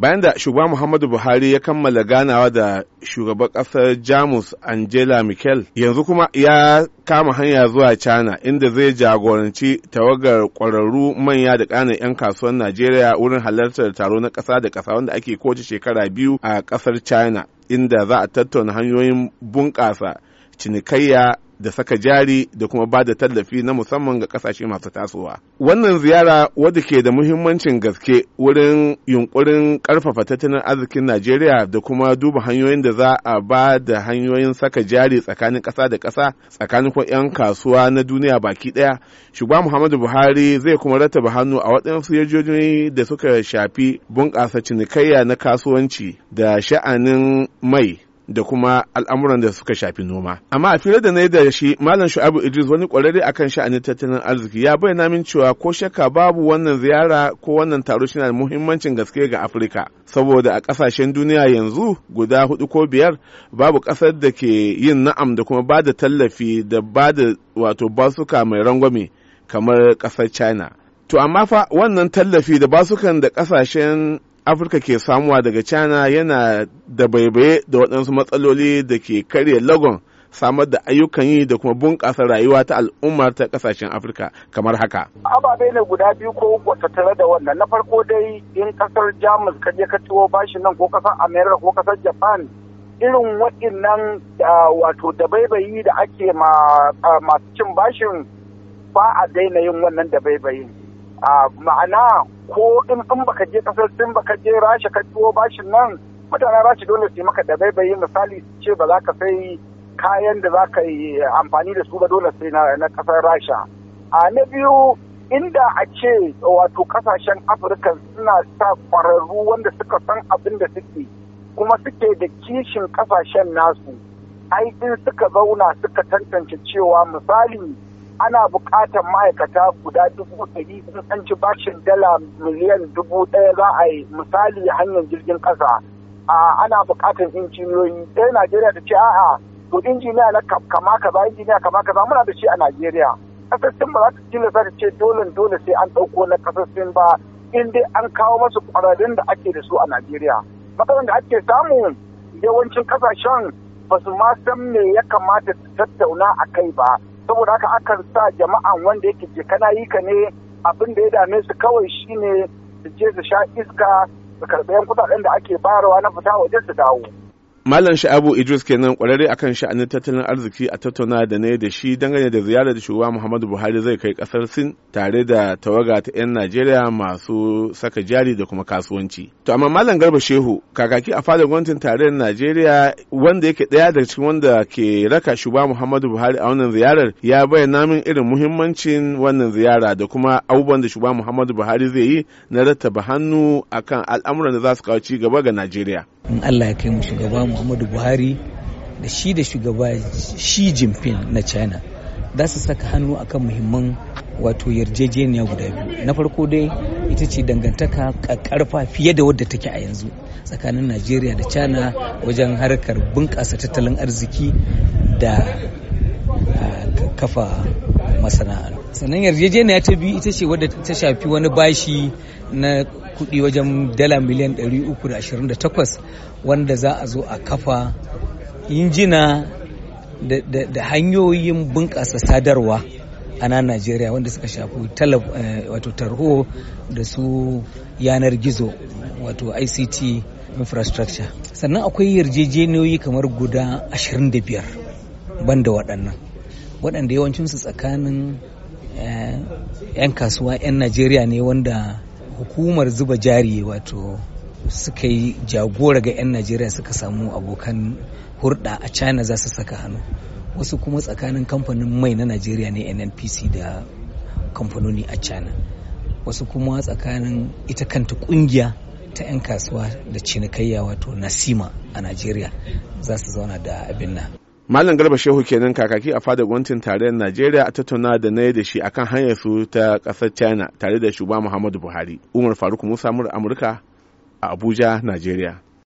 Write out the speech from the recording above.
bayan da shugaba muhammadu buhari ya kammala ganawa da shugaban ƙasar jamus angela merkel yanzu kuma ya kama hanya zuwa china inda zai jagoranci tawagar ƙwararru manya da ƙanan 'yan kasuwar najeriya wurin halartar taro na ƙasa da ƙasa wanda ake kowace shekara biyu a ƙasar china inda za a tattauna hanyoyin bunƙasa cinikayya da saka jari da kuma ba da tallafi na musamman ga kasashe masu tasowa. Wannan ziyara wadda ke da muhimmancin gaske wurin yunkurin karfafa tattalin arzikin Najeriya da kuma duba hanyoyin da za a ba da hanyoyin saka jari tsakanin ƙasa da ƙasa tsakanin kuma 'yan kasuwa na duniya baki ɗaya. Shugaba Muhammadu Buhari zai kuma rattaba hannu a waɗansu yarjejeniyoyi da suka shafi bunƙasa cinikayya na kasuwanci da sha'anin mai da kuma al'amuran da suka shafi noma. Amma a fira da na yi da shi Malam Shu'abu Idris wani kwararre akan sha'anin tattalin arziki ya bayyana min cewa ko shakka babu wannan ziyara ko wannan taro shi na da muhimmancin gaske ga Afirka. Saboda a ƙasashen duniya yanzu guda hudu ko biyar babu ƙasar da ke yin na'am da kuma ba da tallafi da ba da wato basuka mai rangwame kamar ƙasar China. To amma fa wannan tallafi da basukan da kasashen afirka ke samuwa daga china yana da baibaye da waɗansu matsaloli da ke karya lagon samar da ayyukan yi da kuma bunƙasa rayuwa ta al'ummar ta ƙasashen afirka kamar haka ababe ne guda biyu ko uku tare da wannan na farko dai in kasar jamus ka je ka ciwo bashi nan ko kasar america ko kasar japan irin waɗannan wato da baibayi da ake masu cin bashin ba a daina yin wannan da baibayin a ma'ana ko in in baka je kasar sin baka je rasha ka ciwo bashin nan mutanen rasha dole su maka da misali ce ba za ka sai kayan da za ka yi amfani da su ba dole sai na kasar rasha a na biyu inda a ce wato kasashen afirka suna sa kwararru wanda suka san abin da suke kuma suke da kishin kasashen nasu ai in suka zauna suka tantance cewa misali ana bukatar ma'aikata guda dubu ɗari sun an ci bashin dala miliyan dubu ɗaya za a yi misali hanyar jirgin ƙasa ana bukatar injiniyoyi ɗaya najeriya da ce a'a to injiniya na kama kaza injiniya kama kaza muna da shi a najeriya ƙasar ba za ta tilasta ta ce dole dole sai an ɗauko na ƙasar ba in dai an kawo masu ƙwararrun da ake da su a najeriya matsalar da ake samu yawancin ƙasashen ba su ma san me ya kamata su tattauna a kai ba saboda haka akan sa jama'an wanda yake je kana yi ka ne abin da ya dame su kawai shine su je su sha iska su karɓi yan kuɗaɗen da ake bayarwa na fita waje su dawo Malam Abu Idris kenan kwararre akan sha'anin tattalin arziki a tattauna da ne da shi dangane da ziyarar da shugaba Muhammadu Buhari zai kai kasar Sin tare da tawaga ta 'yan Najeriya masu saka jari da kuma kasuwanci. To amma Malam Garba Shehu kakaki a fadar gwamnatin tarayyar Najeriya wanda yake ɗaya daga cikin wanda ke raka shugaba Muhammadu Buhari a wannan ziyarar ya bayyana min irin muhimmancin wannan ziyara da kuma abubuwan da shugaba Muhammadu Buhari zai yi na rattaba hannu akan al'amuran da za su kawo ci gaba ga Najeriya. in allah ya kai mu shugaba muhammadu buhari da shi da shugaba Xi jinping na china za su saka hannu akan muhimman wato yarjejeniya guda biyu na farko dai ita ce dangantaka karfa fiye da wadda take a yanzu tsakanin najeriya da china wajen harkar bunƙasa tattalin arziki da ah, kafa masana'antu sannan yarjejeniya ta biyu ita ce wadda ta shafi wani bashi na kuɗi wajen dala miliyan 328 wanda za a zo a kafa injina da hanyoyin bunƙasa sadarwa a nan najeriya wanda suka shafi eh, wato tarho da su yanar gizo wato ict infrastructure sannan akwai yarjejeniyoyi kamar guda 25 banda waɗannan waɗanda yawancinsu tsakanin 'yan kasuwa 'yan najeriya ne wanda hukumar zuba jari wato suka yi jagora ga 'yan najeriya suka samu abokan hurɗa a china za su saka hannu wasu kuma tsakanin kamfanin mai na najeriya ne nnpc da kamfanoni a china wasu kuma tsakanin ita kanta kungiya ta 'yan kasuwa da cinikayya wato nasima a najeriya za su zauna da abin nan Malam Garba Shehu kenan kakaki a fadar gwamnatin tarayyar Najeriya a tattauna da na da shi akan hanyar su ta ƙasar China tare da shugaba Muhammadu Buhari. Umar Faruk Musa Amurka a Abuja, Najeriya.